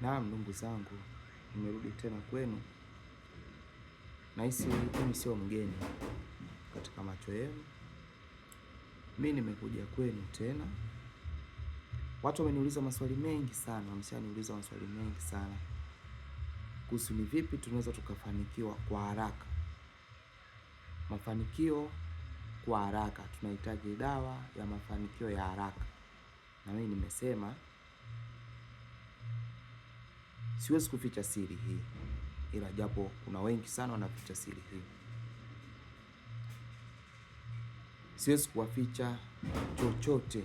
Naam, ndugu zangu, nimerudi tena kwenu. Nahisi mimi sio mgeni katika macho yenu. Mimi nimekuja kwenu tena. Watu wameniuliza maswali mengi sana, wameshaniuliza maswali mengi sana kuhusu ni vipi tunaweza tukafanikiwa kwa haraka. Mafanikio kwa haraka, tunahitaji dawa ya mafanikio ya haraka, na mimi nimesema Siwezi kuficha siri hii, ila japo kuna wengi sana wanaficha siri hii. Siwezi kuwaficha chochote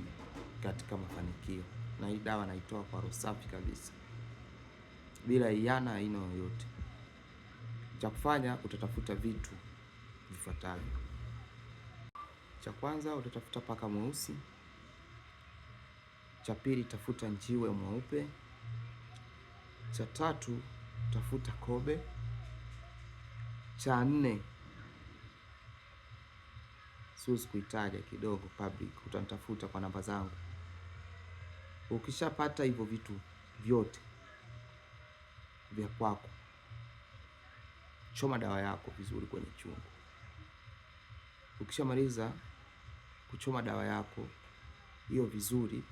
katika mafanikio, na hii dawa naitoa kwa roho safi kabisa, bila iana aina yoyote. Cha kufanya utatafuta vitu vifuatavyo. Cha kwanza utatafuta paka mweusi. Cha pili tafuta njiwe mweupe. Cha tatu tafuta kobe. Cha nne siwezi kuitaja kidogo public, utanitafuta kwa namba zangu. Ukishapata hivyo vitu vyote vya kwako, choma dawa yako vizuri kwenye chungu. Ukishamaliza kuchoma dawa yako hiyo vizuri,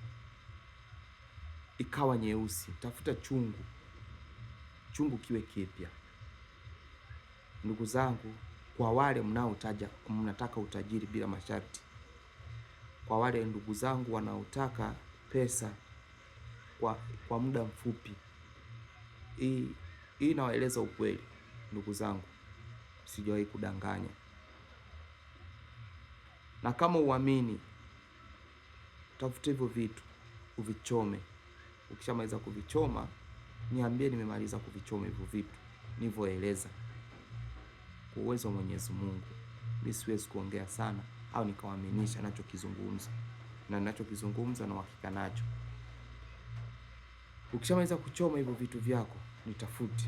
ikawa nyeusi, tafuta chungu chungu kiwe kipya. Ndugu zangu, kwa wale mnaotaja mnataka utajiri bila masharti, kwa wale ndugu zangu wanaotaka pesa kwa, kwa muda mfupi, hii hii inawaeleza ukweli ndugu zangu, sijawahi kudanganya. Na kama uamini, tafuta hivyo vitu uvichome. Ukishamaliza kuvichoma niambie nimemaliza kuvichoma hivyo vitu nivyoeleza kwa uwezo wa Mwenyezi Mungu. Mimi siwezi kuongea sana au nikawaaminisha nachokizungumza, na nachokizungumza na uhakika nacho. Ukishamaliza kuchoma hivyo vitu vyako, nitafuti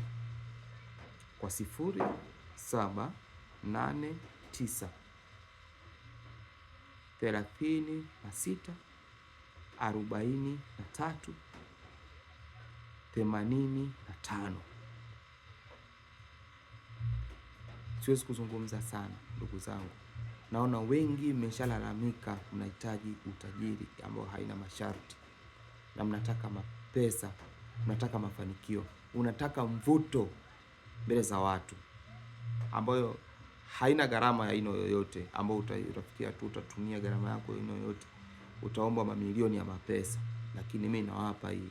kwa sifuri saba nane tisa thelathini na sita arobaini na tatu themanini na tano. Siwezi kuzungumza sana ndugu zangu, naona wengi mmeshalalamika, mnahitaji utajiri ambao haina masharti na mnataka mapesa, mnataka mafanikio, unataka mvuto mbele za watu ambayo haina gharama ya aina yoyote, ambayo utafikia tu utatumia gharama yako aina yoyote, utaomba mamilioni ya mapesa, lakini mimi nawapa hii